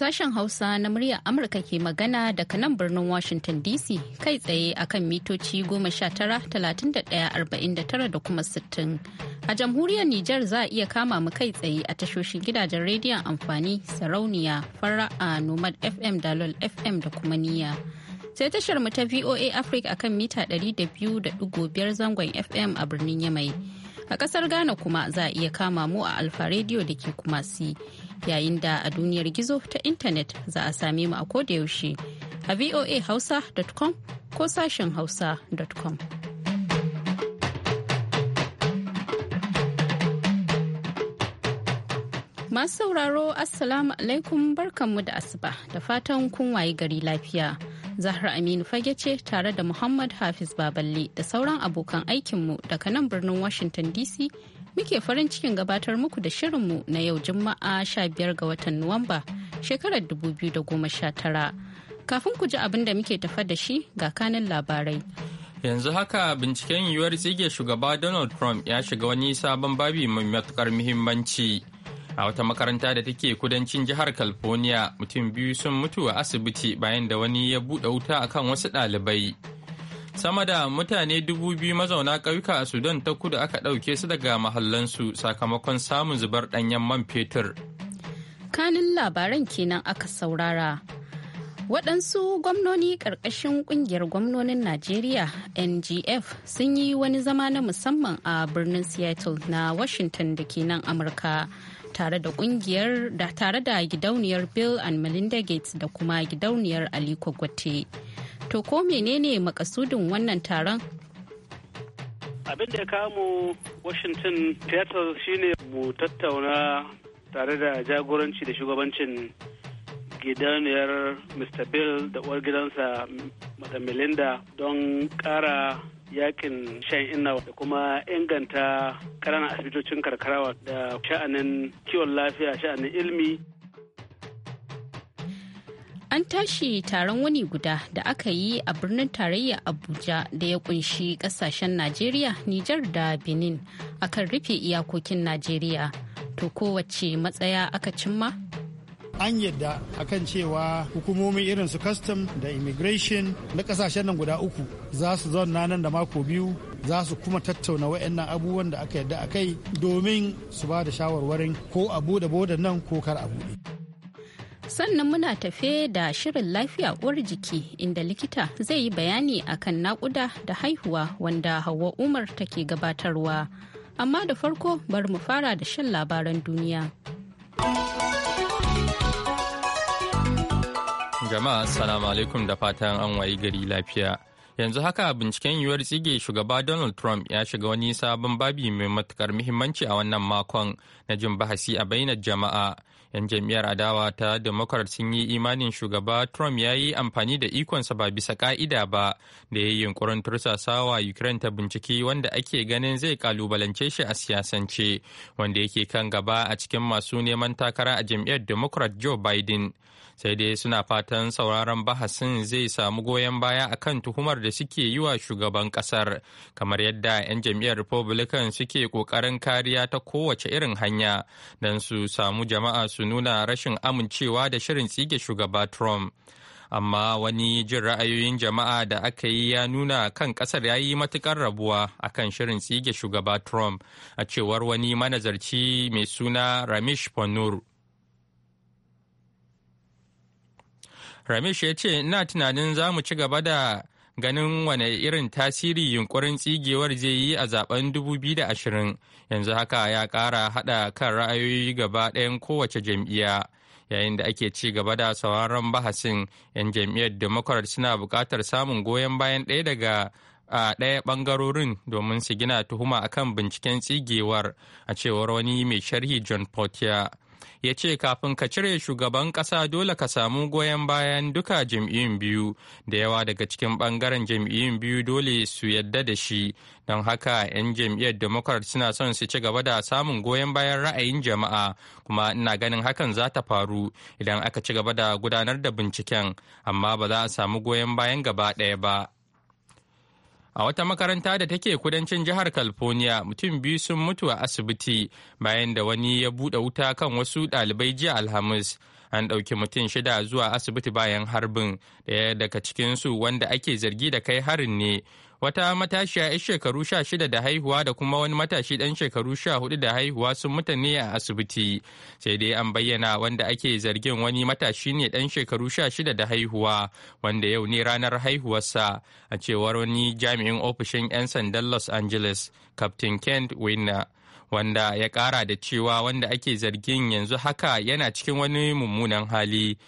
Sashen Hausa na murya Amurka ke magana daga nan birnin Washington DC kai tsaye akan mitoci 19,31,49 da kuma 60. A jamhuriyar Nijar za a iya kama mu kai tsaye a tashoshin gidajen rediyon amfani sarauniya fara'a Nomad FM Dalol FM da kuma niya Sai tashar mu ta VOA Africa akan mita 200.5 zangon FM a birnin Yamai. A kasar Ghana kuma za a iya kama mu a Alfa Radio da ke Kumasi. yayin da a duniyar gizo ta intanet za a same mu a kodayaushe a voa ko sashen hausa.com. Masu sauraro Assalamu alaikum barkanmu da asuba da fatan kun wayi gari lafiya. Zahra Aminu fage ce tare da Muhammad Hafiz Baballe da sauran abokan aikinmu daga nan birnin Washington DC muke farin cikin gabatar muku da shirinmu na yau juma'a 15 ga watan nuwamba shekarar 2019 kafin ku ji abin da muke tafa da shi ga kanin labarai yanzu haka binciken yiwuwar tsige shugaba donald trump ya shiga wani sabon babi mai matukar muhimmanci a wata makaranta da take kudancin jihar california mutum biyu sun mutu a asibiti bayan da wani ya buɗe wuta akan wasu ɗalibai. sama da mutane dubu biyu mazauna ƙauyuka a sudan ta kudu aka ɗauke su daga mahallansu sakamakon samun zubar ɗanyen man fetur kanin labaran kenan aka saurara waɗansu gwamnoni ƙarƙashin ƙungiyar gwamnonin najeriya ngf sun yi wani zama na musamman a birnin seattle na washington da ke nan amurka tare da ƙungiyar da tare da gidauniyar bill and melinda gates da kuma gidauniyar aliko gwate To ko menene makasudin wannan taron? Abin da ya kamu Washington Theater shine mu tattauna tare da jagoranci da shugabancin gidaniyar Mr. Bill da uwar gidansa Madam Melinda don kara yakin shan inna da kuma inganta karana asibitocin karkara da sha'anin kiwon lafiya sha'anin ilmi. an tashi taron wani guda da aka yi a birnin tarayya abuja da ya kunshi kasashen najeriya nijar da benin akan rufe iyakokin najeriya to kowace matsaya aka cimma an yadda akan cewa hukumomi irin su custom da immigration na kasashen nan guda uku za su zauna nan da mako biyu za su kuma tattauna wa'annan abubuwan da aka yadda a kai domin su ba da shawarwarin ko a bude bodan nan ko kar a bude. sannan muna tafe da shirin lafiya uwar jiki inda likita zai yi bayani akan naƙuda da haihuwa wanda hawa umar take gabatarwa amma da farko bari mu fara da shan labaran duniya jama'a as-salamu alaikum da fatan an wayi gari lafiya yanzu haka binciken yiwuwar tsige shugaba donald trump ya shiga wani sabon babi mai matukar muhimmanci a wannan makon na jin bahasi a bainar jama'a 'Yan jam'iyyar adawa ta Democrat sun yi imanin shugaba Trump ya yi amfani da ikonsa ba bisa ka'ida ba da ya yi yunkurin wa Ukraine ta binciki wanda ake ganin zai kalubalance shi a siyasance wanda yake kan gaba a cikin masu neman takara a jam'iyyar Democrat Joe Biden. sai dai suna fatan sauraron bahasin zai samu goyon baya a kan tuhumar da suke yi wa shugaban kasar kamar yadda 'yan jam'iyyar republican suke kokarin kariya ta kowace irin hanya don su samu jama'a su nuna rashin amincewa da shirin tsige shugaba trump amma wani jin ra'ayoyin jama'a da aka yi ya nuna kan kasar ya yi matukar rabuwa akan shirin tsige shugaba trump a cewar wani manazarci mai suna ramesh panur Ramesh ya ce ina tunanin za mu ci gaba da ganin wane irin tasiri yunkurin tsigewar zai yi a zaben 2020 yanzu haka ya kara hada kan ra'ayoyi gaba ɗayan kowace jam'iyya yayin da ake ci gaba da sauraron bahasin 'yan jam'iyyar democrat suna bukatar samun goyon bayan ɗaya daga a ɗaya bangarorin domin su gina tuhuma akan binciken tsigewar a cewar wani mai sharhi john portier ya ce kafin ka cire shugaban ƙasa dole ka samu goyon bayan duka jam'iyyun biyu da yawa daga cikin ɓangaren jam'iyyun biyu dole su yadda da shi don haka 'yan jam'iyyar democrat suna son su ci gaba da samun goyon bayan ra'ayin jama'a kuma ina ganin hakan za ta faru idan aka ci gaba da gudanar da binciken amma ba za a samu goyon bayan gaba ɗaya ba. a wata makaranta da take kudancin jihar california mutum biyu sun mutu a asibiti bayan da wani ya buɗe wuta kan wasu ɗalibai jiya alhamis an ɗauki mutum shida zuwa asibiti bayan harbin ɗaya daga cikinsu wanda ake zargi da kai harin ne wata matashiya 'yar shekaru sha shida da haihuwa da kuma wani matashi ɗan shekaru sha hudu da haihuwa sun mutane a asibiti sai dai an bayyana wanda ake zargin wani matashi ne ɗan shekaru sha shida da haihuwa wanda yau ne ranar haihuwarsa a cewar wani jami'in ofishin 'yan sandan los angeles captain kent winner wanda ya kara da cewa wanda ake zargin yanzu haka yana cikin wani mummunan hali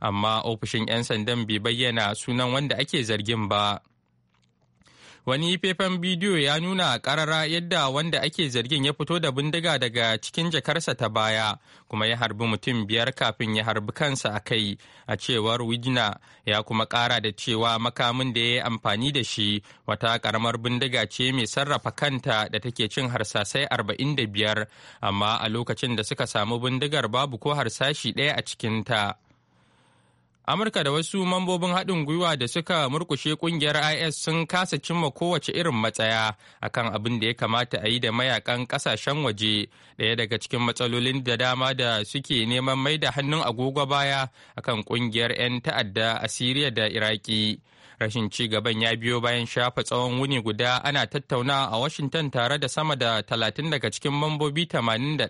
amma ofishin 'yan sandan bai bayyana sunan wanda ake zargin ba. wani faifan bidiyo ya nuna karara yadda wanda ake zargin ya fito da bindiga daga cikin jakarsa ta baya kuma ya harbi mutum biyar kafin ya harbi kansa a kai a cewar wijina ya kuma kara da cewa makamin da ya yi amfani da shi wata karamar bindiga ce mai sarrafa kanta da take cin harsasai arba'in da biyar amma a lokacin da suka samu bindigar babu ko harsashi ɗaya a cikinta. Amurka da wasu mambobin haɗin gwiwa da suka murkushe ƙungiyar IS sun kasa cimma kowace irin matsaya akan abin da ya kamata a yi da mayakan ƙasashen waje ɗaya daga cikin matsalolin da dama da suke neman mai da hannun agogo baya akan ƙungiyar 'yan ta'adda a Siriya da Iraki. rashin ci gaban ya biyo bayan shafa tsawon wuni guda ana tattauna a washington tare da sama da talatin daga cikin mambobi 81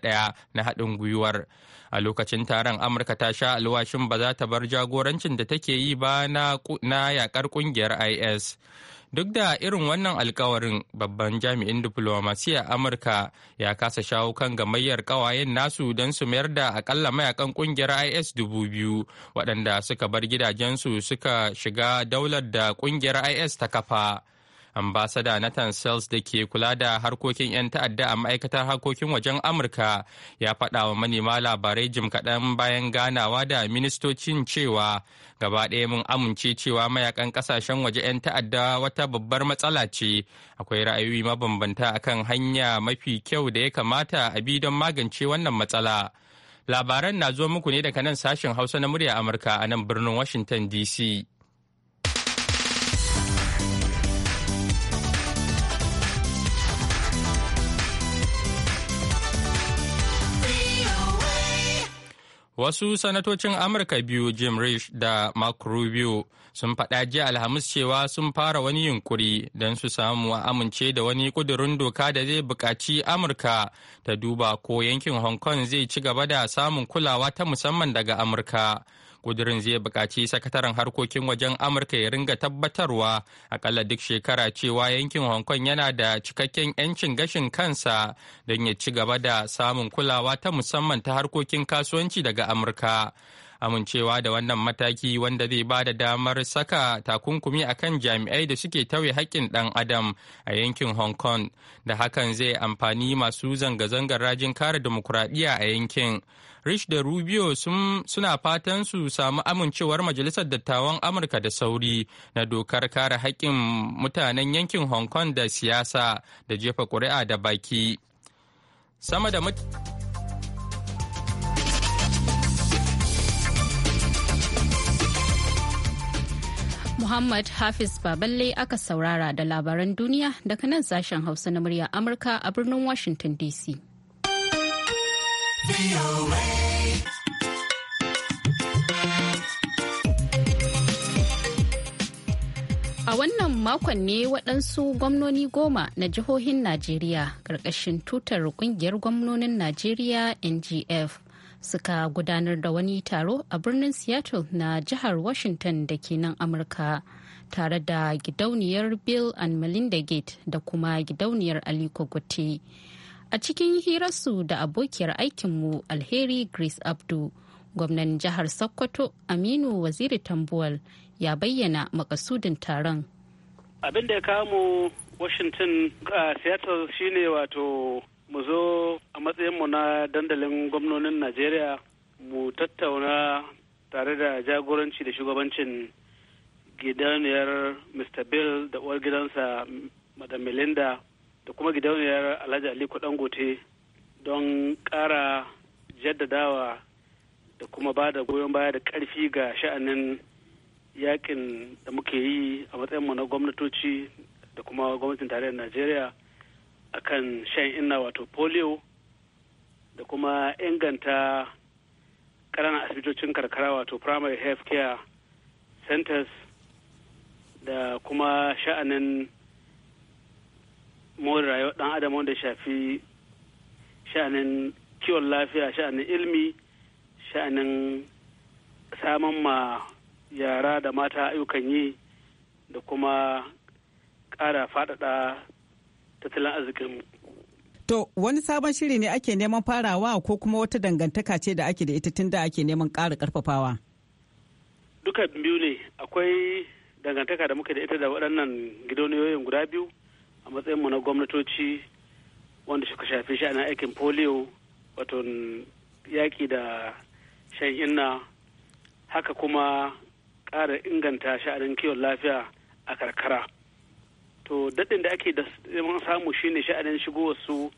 na haɗin gwiwar a lokacin taron amurka ta sha alwashin ba za ta bar jagorancin da take yi ba na yakar kungiyar is Duk da irin wannan alkawarin babban jami'in diplomasiya Amurka ya kasa shawo kan gamayyar kawayen nasu don su mayar da akalla mayakan kungiyar IS dubu biyu waɗanda suka bar gidajensu suka shiga daular da kungiyar IS ta kafa. ambasada Nathan Sells da ke kula da harkokin 'yan ta'adda a ma'aikatar harkokin wajen Amurka ya faɗa wa manema labarai jim kaɗan bayan ganawa da ministocin cewa gaba ɗaya mun amince cewa mayakan ƙasashen waje 'yan ta'adda wata babbar matsala ce akwai ra'ayoyi mabambanta akan hanya mafi kyau da ya kamata a bi don magance wannan matsala. Labaran na zo muku ne daga nan sashen Hausa na murya Amurka a nan birnin Washington DC. Wasu sanatocin Amurka biyu Jim Rich da Mark Rubio sun faɗa jiya Alhamis cewa sun fara wani yunkuri don su samu a amince da wani ƙudurin doka da zai buƙaci Amurka ta duba ko yankin Hong Kong zai ci gaba da samun kulawa ta musamman daga Amurka. Kudirin zai bukaci sakataren harkokin wajen Amurka ya ringa tabbatarwa akalla duk shekara cewa yankin Hong Kong yana da cikakken 'yancin gashin kansa don ya ci gaba da samun kulawa ta musamman ta harkokin kasuwanci daga Amurka. amincewa da wannan mataki wanda zai ba da damar saka takunkumi a kan jami'ai da suke tauye haƙƙin ɗan adam a yankin hong kong da hakan zai amfani masu zanga-zangar rajin kare demokuraɗiyya a yankin rich da rubio suna fatan su samu amincewar majalisar dattawan amurka da sauri na dokar kare haƙƙin mutanen yankin hong kong da siyasa da jefa ƙuri'a da baki sama Muhammad Hafiz Baballe aka saurara da labaran duniya daga nan sashen Hausa na murya Amurka a birnin Washington DC. A wannan makon ne waɗansu gwamnoni goma na jihohin Najeriya ƙarƙashin tutar ƙungiyar gwamnonin Najeriya NGF suka gudanar da wani taro a birnin seattle na jihar washington da ke nan amurka tare da gidauniyar bill and melinda gate da kuma gidauniyar aliko gote a cikin hirarsu da abokiyar aikinmu alheri grace abdu gwamnan jihar sokoto aminu waziri tambuwal ya bayyana makasudin taron abin da ya kamo washington a uh, seattle shine wato mu zo a matsayin mu na dandalin gwamnonin najeriya mu tattauna tare da jagoranci da shugabancin gidauniyar mr bill da uwar gidansa madam melinda da kuma gidauniyar alhaji aliko dangote don ƙara jaddadawa da kuma ba da goyon baya da ƙarfi ga sha'anin yakin da muke yi a matsayinmu na gwamnatoci da kuma gwamnatin tarayyar najeriya akan shan inna wato polio da kuma inganta ƙananan asibitocin karkara wato primary health care centers da kuma sha'anin more rayuwar dan adam wanda shafi sha'anin kiwon lafiya sha'anin ilmi sha'anin samun ma yara da mata ayyukan yi da kuma ƙara faɗaɗa tattalin arzikinmu. To wani sabon shiri ne ake neman farawa ko kuma wata dangantaka ce da ake da ita tun da ake neman ƙara ƙarfafawa? Duka biyu ne akwai dangantaka da muke da ita da waɗannan gidauniyoyin guda biyu a matsayinmu na gwamnatoci wanda suka shafi shi sha'anin aikin polio wato yaƙi da shan inna haka kuma ƙara inganta sha'anin kiwon lafiya a karkara. to daɗin da ake da mun samu shine sha'anin shigo su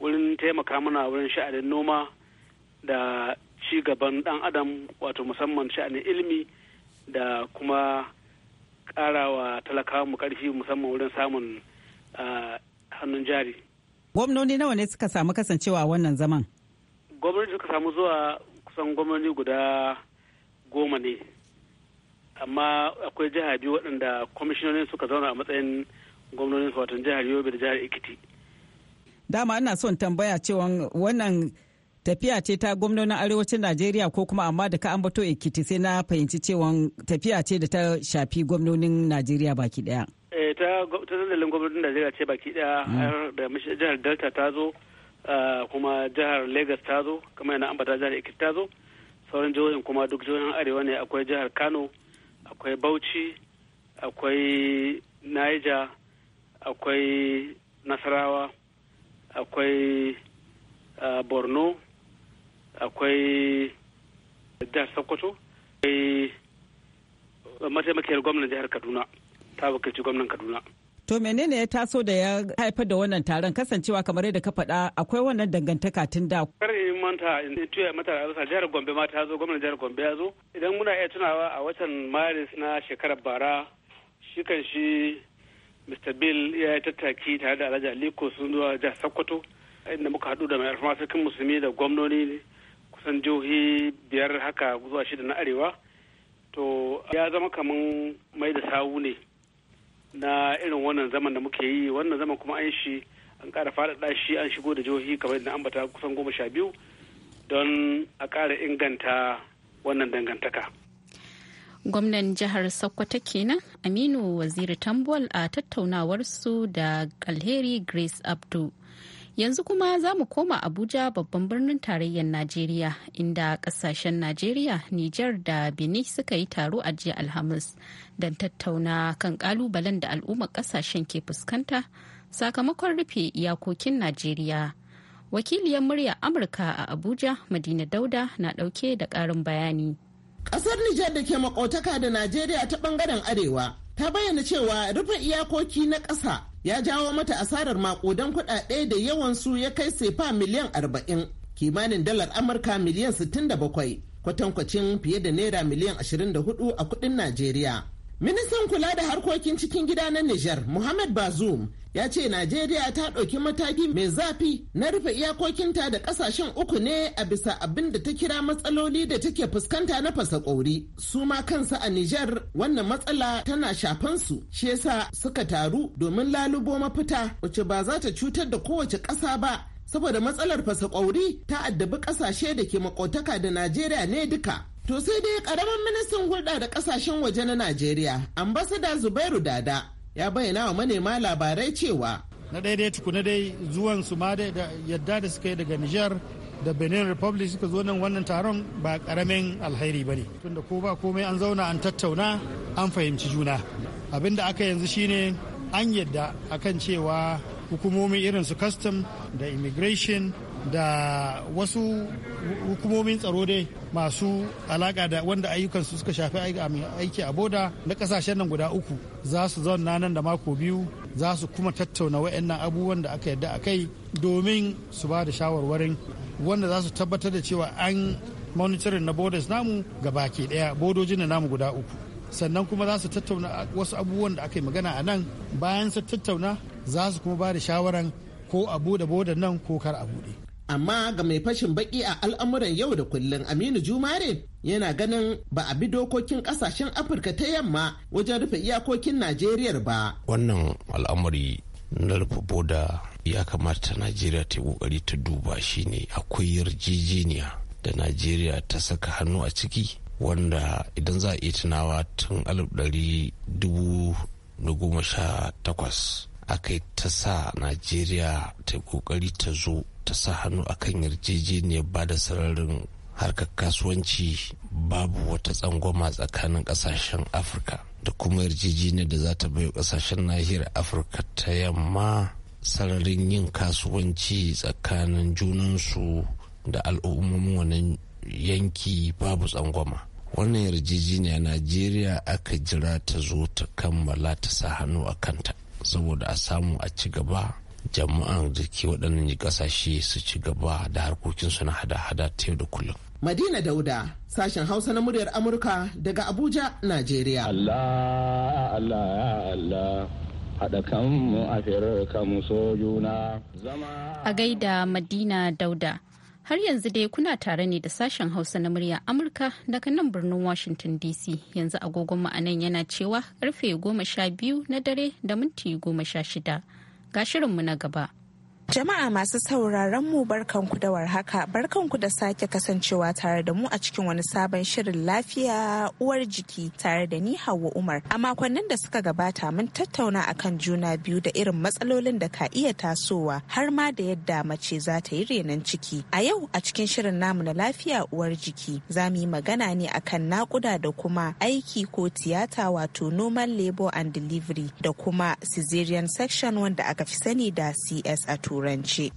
wurin taimaka mana wurin sha'anin noma da ci gaban ɗan adam wato musamman sha'anin ilimi da kuma ƙarawa talakawa mu ƙarfi musamman wurin samun hannun jari. Gwamnoni nawa ne suka samu kasancewa wannan zaman? Gwamnoni suka samu zuwa kusan gwamnoni guda goma ne. Amma akwai jiha biyu waɗanda kwamishinonin suka zauna a matsayin gwamnonin watan jihar yobe da jihar ekiti dama ana son tambaya cewa wannan tafiya ce ta gwamnonin arewacin najeriya ko kuma amma da ka ambato ekiti sai na fahimci cewa tafiya ce da ta shafi gwamnonin najeriya baki daya eh, ta tattalin gwamnatin najeriya ce baki daya hmm. har da jihar delta ta zo ah, kuma jihar lagos ta zo kamar yana ambata jihar ekiti ta zo sauran jihohin kuma duk jihohin arewa ne akwai jihar kano akwai bauchi akwai niger akwai nasarawa akwai ah, borno akwai jihar sokoto akwai mataimakiyar gwamnan jihar kaduna ta wakilci gwamnan kaduna To menene ya taso da ya haifar da wannan taron kasancewa kamar yadda ka faɗa akwai wannan dangantaka tun da. Kar in manta in tuya mata a jihar Gombe ma ta zo gwamnan jihar Gombe ya zo idan muna iya tunawa a watan Maris na shekarar bara shi kan shi mr bill ya yi tattaki tare da alhaji aliko sun zuwa jihar sokoto inda muka haɗu da mai alfama musulmi da gwamnoni kusan jihohi biyar haka zuwa shida na arewa to ya zama kaman mai da sawu ne na irin wannan zaman da muke yi wannan zaman kuma an shi an ƙara faɗaɗa shi an shigo da jihohi kamar yadda ambata kusan goma sha biyu don a ƙara inganta wannan dangantaka. gwamnan jihar sokoto kenan aminu waziri tambol a tattaunawarsu da alheri grace abdu yanzu kuma za mu koma abuja babban birnin tarayyar najeriya inda kasashen najeriya niger da benin suka yi taro a jiya alhamis don tattauna kan kalubalen da al'ummar kasashen ke fuskanta sakamakon rufe iyakokin najeriya wakiliyar murya amurka a abuja madina dauda na dauke da karin bayani Ƙasar Nijar da ke makotaka da Najeriya ta ɓangaren Arewa ta bayyana cewa rufe iyakoki na ƙasa ya jawo mata asarar maƙudan kuɗaɗe da yawan su ya kai sefa miliyan arba'in kimanin dalar Amurka miliyan sittin da bakwai kwatankwacin fiye da naira miliyan ashirin da hudu a kuɗin Najeriya. Ministan kula da harkokin cikin gida na Nijar, Muhammad Bazoum, ya ce Najeriya ta ɗauki mataki mai zafi na rufe iyakokinta da ƙasashen uku ne a bisa abin da ta kira matsaloli da take fuskanta na fasa ƙauri. Su ma kansa a Nijar wannan matsala tana shafan su, shi yasa suka taru domin lalubo mafita wacce ba za ta cutar da kowace ƙasa ba saboda matsalar fasa ƙauri ta addabi ƙasashe da ke makotaka da Najeriya ne duka. To sai dai karamin ministan hulɗa da kasashen waje na Najeriya, ambasada Zubairu Dada, ya bayyana wa manema labarai cewa. Na dai tukuna dai zuwan su ma da yadda da suka yi daga Nijar da Benin Republic suka zo nan wannan taron ba karamin alheri ba ne. Tunda ko ba komai an zauna an tattauna an fahimci juna. Abin da aka yanzu shine an yadda akan cewa hukumomi irin su custom da immigration da wasu hukumomin tsaro dai masu alaka da wanda su suka shafi aiki a boda na kasashen nan guda uku za su zauna nan da mako biyu za su kuma tattauna waɗannan abubuwan da aka yadda a kai domin su ba da shawarwarin wanda za su tabbatar da cewa an monitoring na borders namu ga baki daya bodojin na namu guda uku sannan kuma za su tattauna wasu abubuwan da aka yi magana a nan bayan su tattauna za su kuma ba da shawaran ko a boda bodan nan ko kar a buɗe. amma ga mai fashin baki a al'amuran yau da kullum aminu jumare yana ganin ba a bi dokokin kasashen afirka ta yamma wajen rufe iyakokin najeriya ba wannan al'amari na rufe boda ya kamata najeriya ta yi kokari ta duba shi ne akwai yarjejeniya da najeriya ta saka hannu a ciki wanda idan za a iya tunawa tun dubu goma sha takwas aka yi ta sa najeriya ta kokari ta zo ta sa hannu akan yarjejeniyar ba da sararin harkar kasuwanci babu wata tsangwama tsakanin kasashen afirka da kuma yarjejeniyar da za ta bai kasashen nahiyar afirka ta yamma sararin yin kasuwanci tsakanin junansu da al'ummomin wannan yanki babu tsangwama wannan yarjejeniya najeriya aka jira ta zo ta kammala ta sa hannu a kanta saboda a samu a ci gaba jama'an da ke waɗannan ƙasashe su ci gaba da harkokinsu na hada-hada ta yau da kullum. Madina Dauda, sashen Hausa na muryar Amurka daga Abuja, Najeriya. Allah, Allah, Allah. haɗa kanmu a so juna A gaida Madina Dauda. Har yanzu dai kuna tare ne da sashen Hausa na murya Amurka daga nan birnin Washington DC yanzu agogon ma'anan yana cewa karfe goma sha biyu na dare da minti goma sha shida. ga shirinmu na gaba. Jama'a masu sauraron mu barkanku da warhaka barkanku da sake kasancewa tare da mu a cikin wani sabon shirin lafiya uwar jiki tare da ni Hauwa Umar. A makonnin da suka gabata mun tattauna akan juna biyu da irin matsalolin da ka iya tasowa har ma da yadda mace za ta yi renon ciki. A yau a cikin shirin namu na lafiya uwar jiki za mu yi magana ne akan nakuda da kuma aiki ko tiyata wato normal labor and delivery da kuma cesarean section wanda aka fi sani da CS a turai. turanci.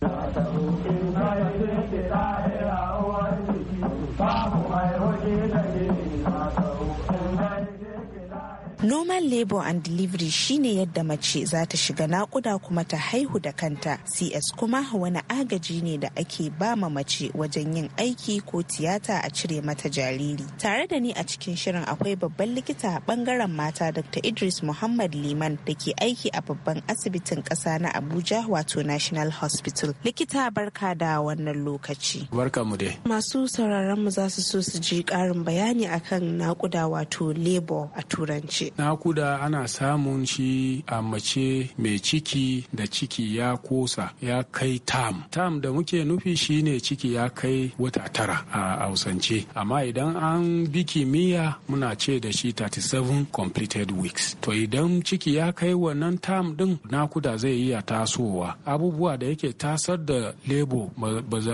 normal labor and delivery shine yadda mace za ta shiga nakuda kuma ta haihu da kanta cs kuma wani agaji ne da ake bama mace wajen yin aiki ko tiyata a cire mata jariri tare da ni a cikin shirin akwai babban likita a bangaren mata dr idris muhammad liman da ke aiki a babban asibitin kasa na abuja wato national hospital likita barka da wannan lokaci barka mu dai masu sauraron mu za su so su ji karin bayani akan nakuda wato labor a turanci nakuda ana samun shi a mace mai ciki da ciki ya kosa ya kai tam tam da muke nufi shine ciki ya kai wata tara a hausance amma idan an bi kimiyya muna ce da shi 37 completed weeks to idan ciki ya kai wannan tam din nakuda zai iya tasowa abubuwa da yake tasar da lebo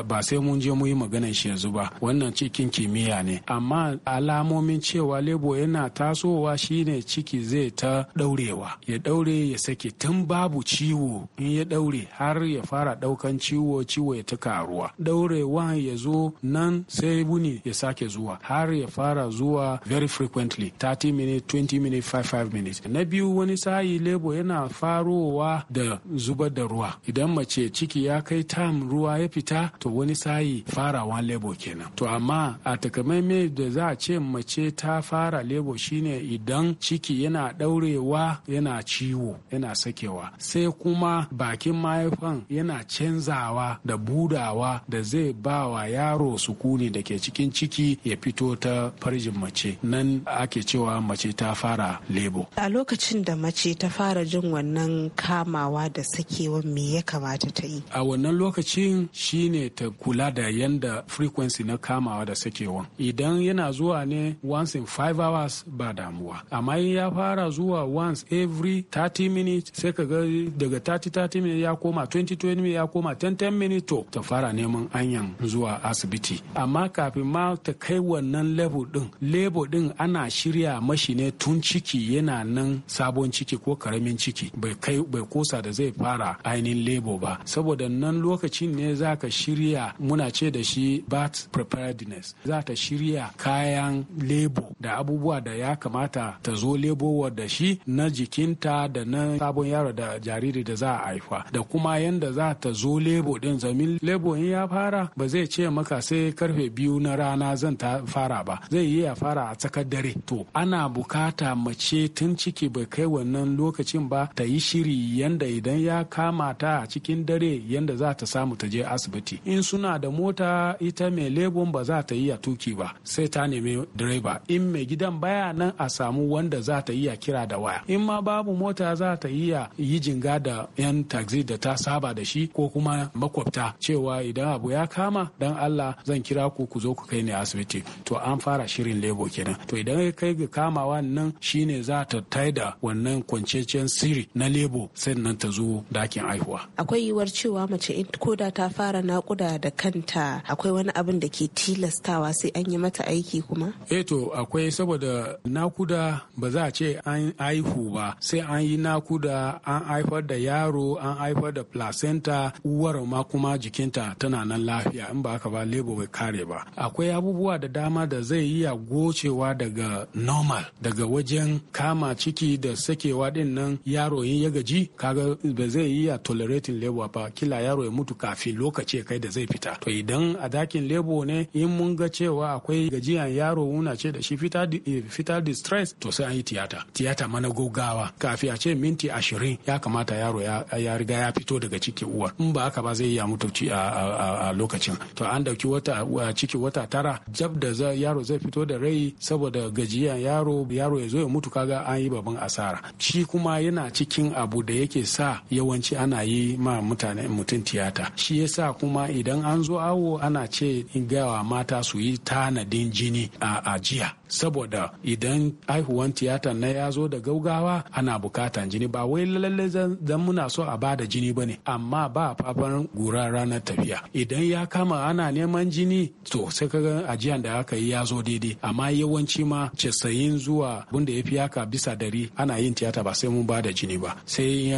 ba sai mun je mu yi maganar shi yanzu ba wannan cikin kimiyya ne amma alamomin cewa lebo yana tasowa shine ciki zai ta daurewa ya daure ya sake tun babu ciwo in ya daure har ya fara daukan ciwo ciwo ya ta karuwa daurewa ya zo nan sai wuni ya sake zuwa har ya fara zuwa very frequently 30 minutes 20 minutes 55 minutes na biyu wani sayi lebo yana farowa da zubar da ruwa idan mace ciki ya kai tam ruwa ya fita to wani sayi farawa lebo kenan to amma a takamaimai da za a ce mace ta fara lebo shine idan ciki ciki yana ɗaurewa yana ciwo yana sakewa sai kuma bakin mahaifan yana canzawa da budawa da zai ba wa yaro sukuni da ke cikin ciki ya fito ta farjin mace nan ake cewa mace ta fara lebo a lokacin da mace ta fara jin wannan kamawa da sakewa me ya kamata ta yi a wannan lokacin shine ta kula da yanda frequency na kamawa da sakewan idan yana zuwa ne once in five hours ba damuwa amma ya fara zuwa once every 30 minutes sai ka ga daga 30-30 minutes ya koma 20-20 minutes ya koma 10-10 minutes to ta fara neman anyan zuwa asibiti amma kafin ma ta kai wannan level din level din ana shirya mashi ne tun ciki yana nan sabon ciki ko karamin ciki bai bai kosa da zai fara ainihin labor ba saboda nan lokacin ne za ka shirya muna ce da shi birth preparedness za ta shirya kayan labor da abubuwa da ya kamata ta zo lebo da shi na jikinta da na sabon yaro da jariri da za a haifa da kuma yanda za ta zo lebo din zamin lebo in ya fara ba zai ce maka sai karfe biyu na rana zan ta fara ba zai yi ya fara a tsakar dare to ana bukata mace tun ciki bai kai wannan lokacin ba ta yi shiri yanda idan ya kama ta a cikin dare yanda za ta samu ta je asibiti in suna da mota ita mai lebon ba za ta yi ya tuki ba sai ta nemi direba in mai gidan baya nan a samu wanda za ta iya kira da waya in ma babu mota za ta iya yi jinga da yan taxi da ta saba da shi ko kuma makwabta cewa idan abu ya kama dan Allah zan kira ku ku zo ku kai ni asibiti to an fara shirin lebo kenan to idan kai ga kamawa nan shine za ta taida wannan kwanciyar siri na lebo sannan ta zo dakin aihuwa akwai yiwuwar cewa mace in koda ta fara nakuda da kanta akwai wani abin da ke tilastawa sai an yi mata aiki kuma eh to akwai saboda nakuda ba za a ce an haihu ba sai an yi nakuda an haifar da yaro an haifar da placenta uwar ma kuma jikinta tana nan lafiya in ba haka ba lebo bai kare ba akwai abubuwa da dama da zai iya gocewa daga normal daga wajen kama ciki da sakewa din nan yaro in ya gaji kaga ba zai iya tolerating labor ba kila yaro ya mutu kafin lokaci kai da zai fita to idan a dakin lebo ne in mun ga cewa akwai gajiyan yaro wuna ce da shi fita eh, distress to sai an yi tiyata tiyata mana gaugawa kafi a ce minti ashirin ya kamata yaro ya riga ya fito daga ciki uwar in ba haka ba zai ya mutu a lokacin to an dauki wata ciki wata tara jab da yaro zai fito da rai saboda gajiya yaro yaro ya zo ya mutu kaga an yi babban asara shi kuma yana cikin abu da yake sa yawanci ana yi ma mutane mutum tiyata shi yasa kuma idan an zo awo ana ce gawa mata su yi tanadin jini a ajiya saboda idan haihuwan tiyata tiyatar na ya zo da gaugawa ana bukatan jini ba wai lalle zan muna so a bada jini ba ne amma ba fafan gura ranar tafiya idan ya kama ana neman jini to sai ka ga ajiyan da aka yi ya zo daidai amma yawanci ma casa'in zuwa bunda ya fi haka bisa dari ana yin tiyata ba sai mun da jini ba sai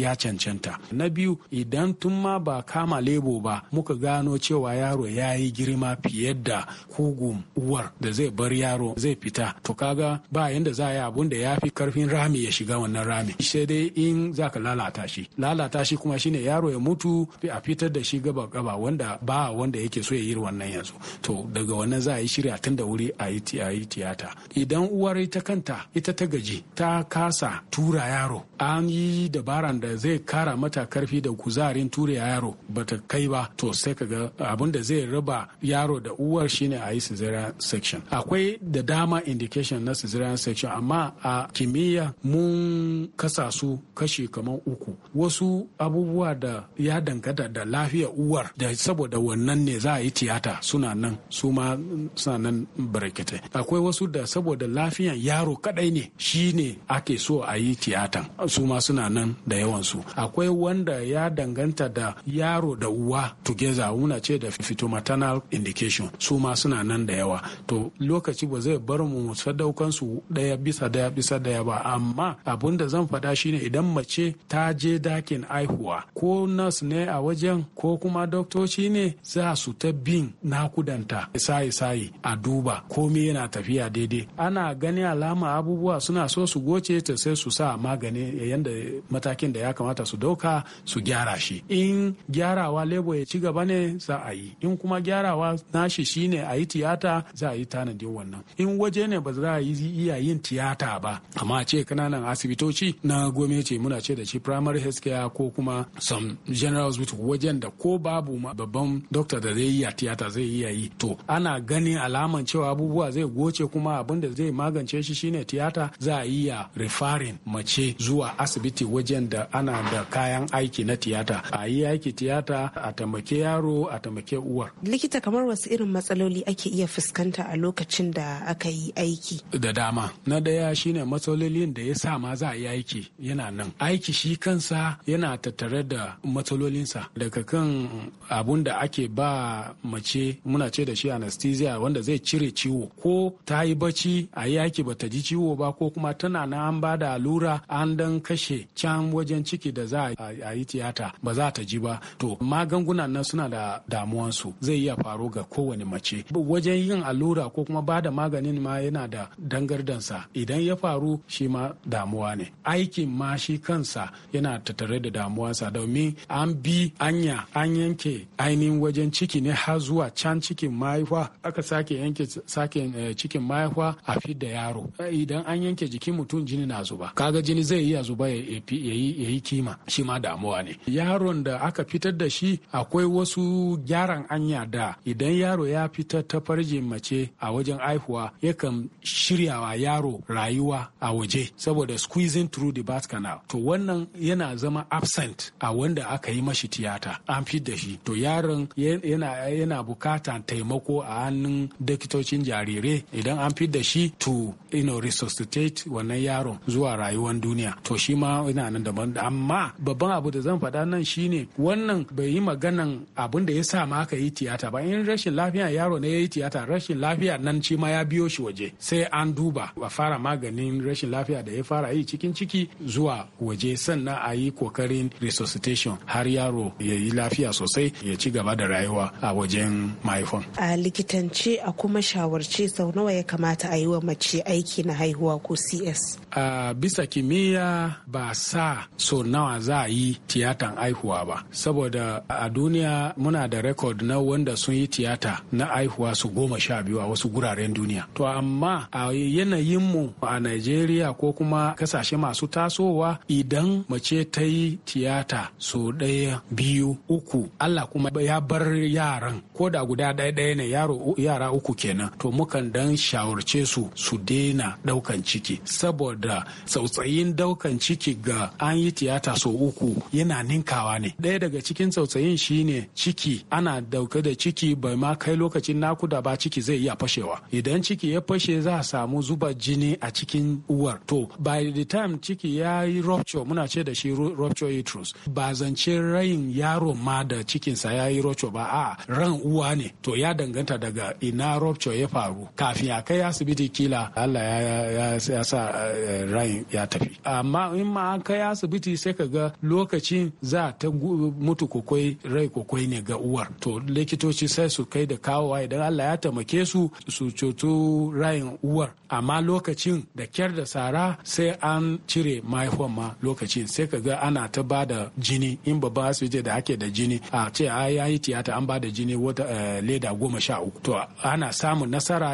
ya cancanta na biyu idan tun ma ba kama lebo ba muka gano cewa yaro ya yi girma fiye da kugun uwar da zai bar yaro zai fita to kaga ba yanda za a yi abun da ya fi karfin rami ya shiga wannan rami sai dai in za ka lalata shi lalata shi kuma shine yaro ya mutu a fitar da shi gaba gaba wanda ba wanda yake so ya yi wannan yanzu to daga wannan za a yi shirya tun da wuri a yi tiyata idan uwar ita kanta ita ta gaji ta kasa tura yaro an yi dabaran da zai kara mata karfi da kuzarin tura yaro bata kai ba to sai ka ga abun da zai raba yaro da uwar shine a yi section akwai da dama indication na cesarean section amma a kimiyya mun kasa su kashi kamar uku wasu abubuwa da ya dangata da lafiyar uwar da saboda wannan ne za a yi tiyata suna nan su ma suna nan barakita akwai wasu da saboda lafiyan yaro kadai ne shi ne ake so a yi tiyatan su ma suna nan da yawansu akwai wanda ya danganta da yaro da uwa together muna ce da fitomaternal indication su ma suna nan da yawa to lokaci ba zai bar mu sadaukan su daya bisa bisa daya bisa daya ba amma abun da zan faɗa shine idan mace ta je dakin aihuwa ko nurse ne a wajen ko kuma doktoci ne za su ta bin nakudanta sayi sayi a duba komai yana tafiya daidai ana gani alama abubuwa suna so su goce ta sai su sa magani yanda matakin da ya kamata su dauka su gyara shi in gyarawa lebo ya ci gaba ne za a yi in kuma gyarawa nashi shine a yi tiyata za a yi tanadin wannan in waje ne ba za a yi iya yin tiyata tiyata ba amma ce kananan asibitoci na gwamnati muna ce da shi primary health care ko kuma some general hospital wajen da ko babu babban doctor da zai yi a tiyata zai iya yi to ana ganin alaman cewa abubuwa zai goce kuma abin da zai magance shi shine tiyata za a iya referring mace zuwa asibiti wajen da ana da kayan aiki na tiyata a yi aiki tiyata a tambake yaro a tambake uwar likita kamar wasu irin matsaloli ake iya fuskanta a lokacin da aka yi aiki da dama na daya shine matsalolin da ya sa ma za a yi aiki yana nan aiki shi kansa yana tattare da matsalolinsa daga kan abun da ake ba mace muna ce da shi anesthesia wanda zai cire ciwo ko ta yi bacci a yi aiki ba ta ji ciwo ba ko kuma tana na an ba da allura an dan kashe can wajen ciki da za a yi tiyata ba za ta ji ba to magunguna nan suna da damuwansu zai iya faru ga kowane mace wajen yin allura ko kuma ba da maganin ma yana da dangardansa idan ya faru shi ma damuwa ne aikin ma shi kansa yana tattare da damuwarsa domin an bi anya an yanke ainihin wajen ciki ne har zuwa can cikin mahaifa aka sake yanke sake eh, cikin mahaifa a fidda yaro idan an yanke jikin mutum jini na zuba kaga jini zai iya zuba ya yi kima shi ma damuwa ne yaron da aka fitar da shi akwai wasu gyaran anya da idan yaro ya fitar ta farjin mace a wajen aihuwa yakan shiryawa yaro rayuwa a waje saboda squeezing through the birth canal to wannan yana zama absent a wanda aka yi mashi tiyata an fit-da shi to yaron yana yana bukatan taimako a hannun dakitocin jarire idan an fi da shi to you know, resuscitate wannan yaron zuwa rayuwan duniya to shi ma yana nan daban amma babban abu da zan faɗa nan shine wannan bai yi maganan abin da ya sa ma aka yi tiyata ba in rashin lafiya yaro ne ya yi tiyata rashin lafiya nan shi ma ya biyo shi waje sai an duba a fara A maganin rashin lafiya da ya fara yi cikin ciki zuwa waje sannan a yi kokarin resuscitation har yaro ya yi lafiya sosai ya ci gaba da rayuwa a wajen mahaifan. A likitance a kuma shawarce sau nawa ya kamata a yi wa mace aiki na haihuwa ko CS. A bisa kimiyya ba sa so nawa za a yi tiyatan haihuwa ba saboda a duniya muna da rekod na wanda sun yi tiyata na haihuwa su goma sha biyu a wasu guraren duniya. To amma a yanayin mu a Najeriya ko kuma kasashe masu tasowa idan mace ta yi tiyata so ɗaya biyu uku Allah kuma ya bar yaran ko da guda ɗaya ɗaya ne yara uku kenan to mukan dan shawarce su su daina ɗaukan ciki saboda tsautsayin ɗaukan ciki ga an yi tiyata so uku yana ninkawa ne ɗaya daga cikin tsautsayin shine ciki ana dauke da ciki bai ma kai lokacin nakuda ba ciki zai iya fashewa idan ciki ya fashe za a samu zuba jini a cikin uwar to by the time ciki ya yi rupture muna ce da shi rupture uterus ba zance rayin yaro ma da cikinsa ya yi rupture ba a ran uwa ne to ya danganta daga ina rupture ya faru kafin a kai asibiti kila Allah ya sa eh, rayin ya tafi amma in ma an kai asibiti sai ka ga lokacin za ta mutu kokwai rai kokwai ne ga uwar to likitoci sai su kai da kawowa idan Allah ya taimake su su cutu rayin uwar amma lokacin lokacin da kyar da sara sai an cire mahaifan ma lokacin sai ka ga ana ta ba da jini in babban asibiti da ake da jini a ce a yi tiyata an ba da jini wata eh, leda goma sha uku to ana samun nasara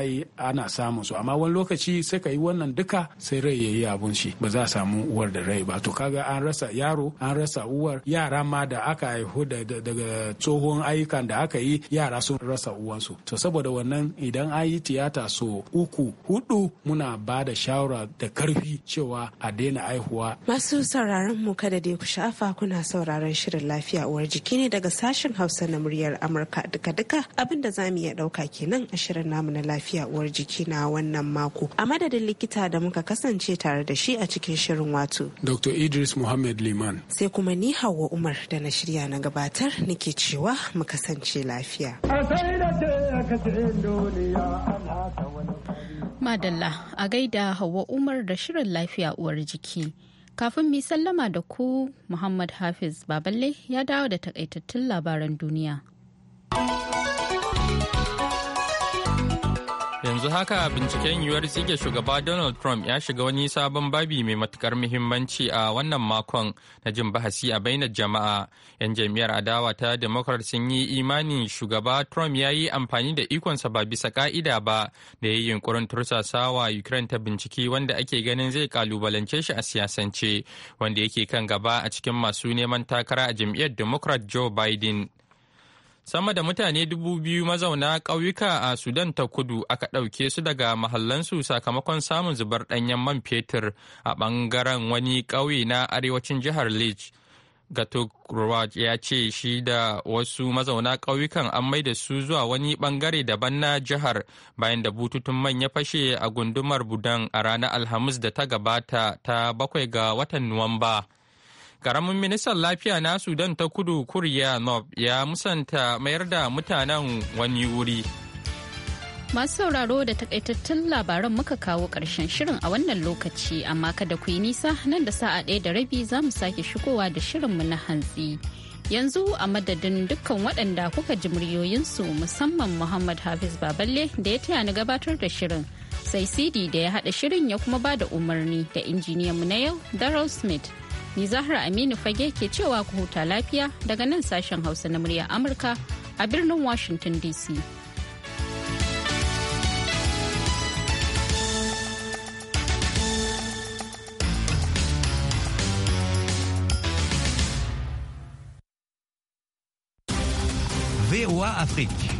ana samun su amma wani lokaci sai ka yi wannan duka sai rai ya yi abun shi ba za a samu uwar da rai ba to kaga an rasa yaro an rasa uwar yara ma da aka haihu daga tsohon ayyukan da aka yi yara sun rasa uwansu to saboda wannan idan an yi tiyata so uku hudu muna ba da shawara da karfi cewa a daina aihuwa. Masu sauraron mu kada dai ku shafa kuna sauraron shirin lafiya uwar jiki ne daga sashen Hausa na muryar Amurka duka-duka abin da za mu iya ɗauka kenan a shirin namu na lafiya uwar jiki na wannan mako. A madadin likita da muka kasance tare da shi a cikin shirin wato. Dr. Idris Muhammad Liman. Sai kuma ni Hauwa Umar da na shirya na gabatar nake cewa mu kasance lafiya. Madalla a gai da Hauwa Umar da shirin lafiya uwar jiki. Kafin mi sallama da ku Muhammad Hafiz Baballe ya dawo da takaitattun labaran duniya. yanzu haka binciken yiwuwar tsige shugaba donald trump ya shiga wani sabon babi mai matukar muhimmanci a wannan makon na jin bahasi a bainar jama'a yan jam'iyyar adawa ta democrat sun yi imanin shugaba trump ya yi amfani da ikonsa ba bisa ka'ida ba da ya yi yunkurin tursasawa ukraine ta binciki wanda ake ganin zai kalubalance shi a siyasance wanda yake kan gaba a cikin masu neman takara a jam'iyyar democrat joe biden sama da mutane dubu biyu mazauna ƙauyuka a sudan ta kudu aka ɗauke su daga mahallansu sakamakon samun zubar ɗanyen man fetur a ɓangaren wani ƙauye na arewacin jihar leach gato ya ce shi da wasu mazauna ƙauyukan an da su zuwa wani ɓangare daban na jihar bayan da bututun man ya fashe a gundumar budan a ranar alhamis da ta gabata ta bakwai ga watan nuwamba. Karamin ministan lafiya na Sudan ta kudu Kuriya Nob ya musanta mayar da mutanen wani wuri. Masu sauraro da takaitattun labaran muka kawo ƙarshen shirin a wannan lokaci amma kada ku yi nisa nan da sa'a ɗaya da rabi za mu sake shigowa da shirinmu na hantsi. yanzu a madadin dukkan waɗanda kuka ji muryoyinsu musamman muhammad hafiz baballe da ya taya ni gabatar da shirin sai sidi da ya haɗa shirin ya kuma ba da umarni da injiniyanmu na yau darrell smith Ni Zahra Aminu Fage ke cewa ku huta lafiya daga nan sashen Hausa na murya Amurka a birnin Washington DC. VOA Afrique.